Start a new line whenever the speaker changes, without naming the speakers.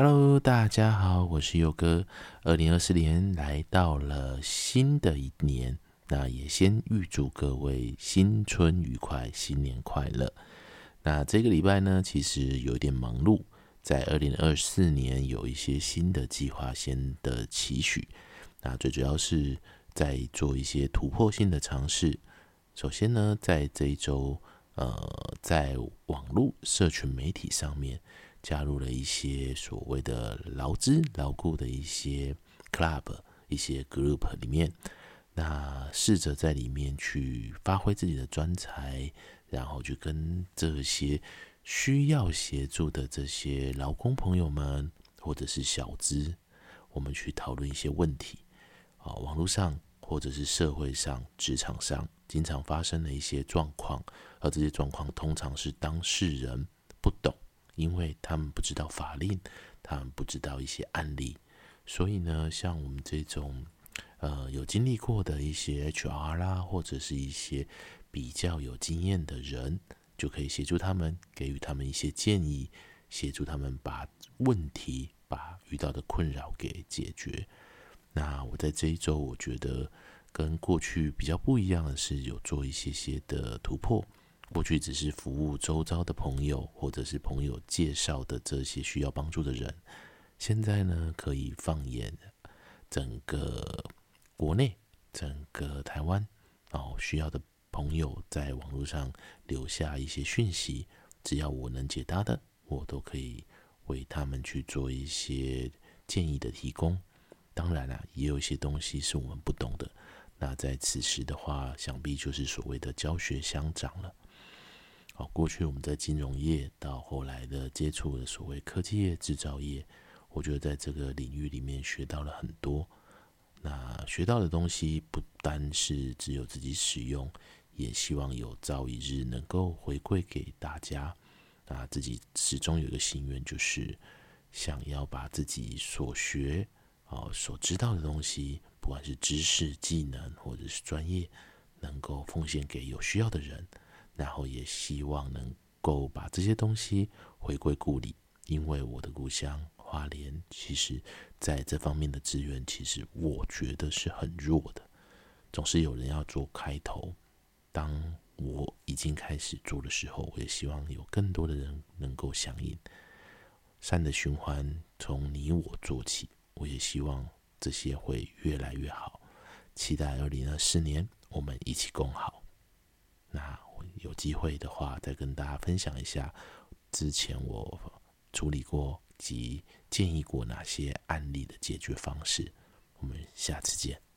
Hello，大家好，我是佑哥。二零二四年來到了新的一年，那也先預祝各位新春愉快，新年快樂。那這個禮拜呢，其實有點忙碌，在二零二四年有一些新的計劃，新的期許。那最主要是在做一些突破性的嘗試。首先呢，在這一周，呃，在網絡社群媒體上面。加入了一些所謂的勞資、勞雇的一些 club、一些 group 裡面，那試着在裡面去發揮自己的專才，然後去跟這些需要協助的這些勞工朋友們或者是小資，我們去討論一些問題啊、哦，網絡上或者是社會上、職場上經常發生的一些狀況，而這些狀況通常是當事人不懂。因為他們不知道法令，他們不知道一些案例，所以呢，像我們這種，呃，有經歷過的一些 HR 啦，或者是一些比較有經驗的人，就可以協助他們，給予他們一些建議，協助他們把問題、把遇到的困擾給解決。那我在這一周，我覺得跟過去比較不一樣的是，有做一些些的突破。過去只是服務周遭的朋友，或者是朋友介紹的這些需要幫助的人。現在呢，可以放眼整個國內、整個台灣，然、哦、後需要的朋友在網絡上留下一些訊息，只要我能解答的，我都可以為他們去做一些建議的提供。當然啦、啊，也有一些東西是我們不懂的，那在此時的話，想必就是所謂的教學相長了。好，過去我們在金融業，到後來的接觸的所謂科技業、製造業，我覺得在這個領域裡面學到了很多。那學到的東西不單是只有自己使用，也希望有朝一日能夠回饋給大家。啊，自己始終有一個心願，就是想要把自己所學、哦，所知道的東西，不管是知識、技能或者是專業，能夠奉獻給有需要的人。然後也希望能夠把這些東西回歸故里，因為我的故鄉花蓮，其實在這方面的資源，其實我覺得是很弱的。總是有人要做開頭，當我已經開始做的時候，我也希望有更多的人能夠響應善的循環，從你我做起。我也希望這些會越來越好，期待二零二四年我們一起共好。那。有機會的話，再跟大家分享一下之前我處理過及建議過哪些案例的解決方式。我們下次見。